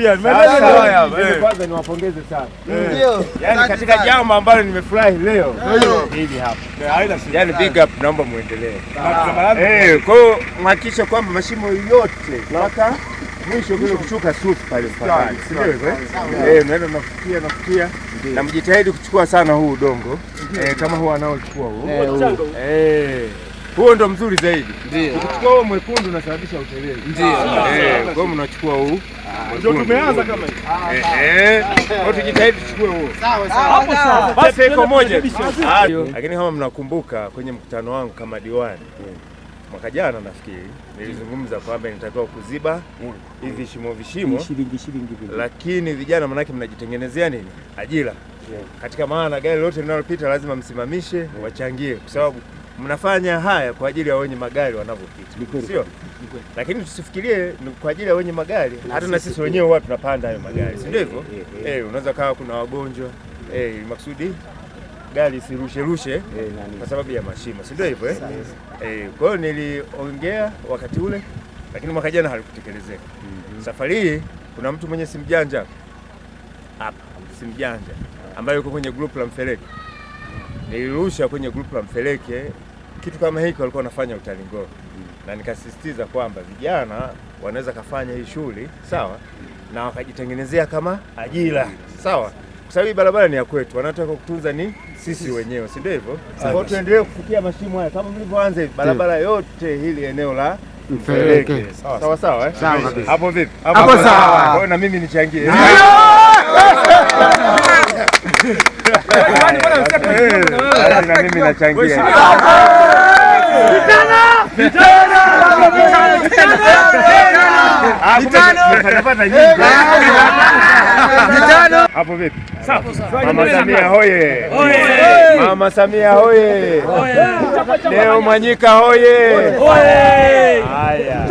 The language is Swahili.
pia eh. kwanza niwapongeze sana eh. Ndio. yani katika jambo ambalo nimefurahi leo hivi hapa, eh, haina shida yani, big up, naomba muendelee. Ah. Eh, Kwa hiyo kwamba mashimo yote mpaka mwisho kule kuchuka sufu pale pale. si ndio? Eh, naenda nafikia nafikia. na mjitahidi kuchukua sana huu udongo Eh, kama huu anaochukua huu eh huo ndo mzuri zaidi. Ndio. Ukichukua huo mwekundu unasababisha utelezi, ndio. Eh, Kwa hiyo mnachukua huu ndio tumeanza kama hivi. Ah, eh, au eh. tujitahidi tuchukue huo. Sawa sawa. Hapo sawa. Basi iko moja. Lakini kama mnakumbuka kwenye mkutano wangu kama diwani mm. mwaka jana nafikiri nilizungumza kwamba nitakiwa kuziba mm. hivi shimo vishimo, lakini vijana, manake mnajitengenezea nini ajira mm. katika maana, gari lote linalopita lazima msimamishe, wachangie kwa sababu mnafanya haya kwa ajili ya wenye magari wanavyopita, sio? Lakini tusifikirie ni kwa ajili ya wenye magari, hata na sisi wenyewe huwa tunapanda hayo magari, si ndio hivyo? Eh, eh, eh. eh unaweza kawa kuna wagonjwa eh, maksudi gari sirusherushe kwa sababu ya mashimo, si ndio hivyo eh? Eh, kwa hiyo niliongea wakati ule, lakini mwaka jana halikutekelezeka. Mhm. Safari hii kuna mtu mwenye simjanja hapa, simjanja ambayo yuko kwenye group la Mfereke, nilirusha kwenye group la Mfereke kitu kama hiki walikuwa wanafanya Utalingolo mm. na nikasisitiza kwamba vijana wanaweza kafanya hii shughuli sawa, na wakajitengenezea kama ajira sawa, kwa sababu barabara ni ya kwetu, wanataka kutunza ni sisi wenyewe, si ndio hivyo? Kwa tuendelee kufikia mashimo haya kama mlivyoanza barabara yote hili eneo la Mfereke. Sawa sawa, eh? hapo vipi hapo? Sawa, na mimi nichangie na mimi nachangia hapo vipi? Mama Samia hoye! Mama Samia hoye! Leo Mwanyika hoye! Haya.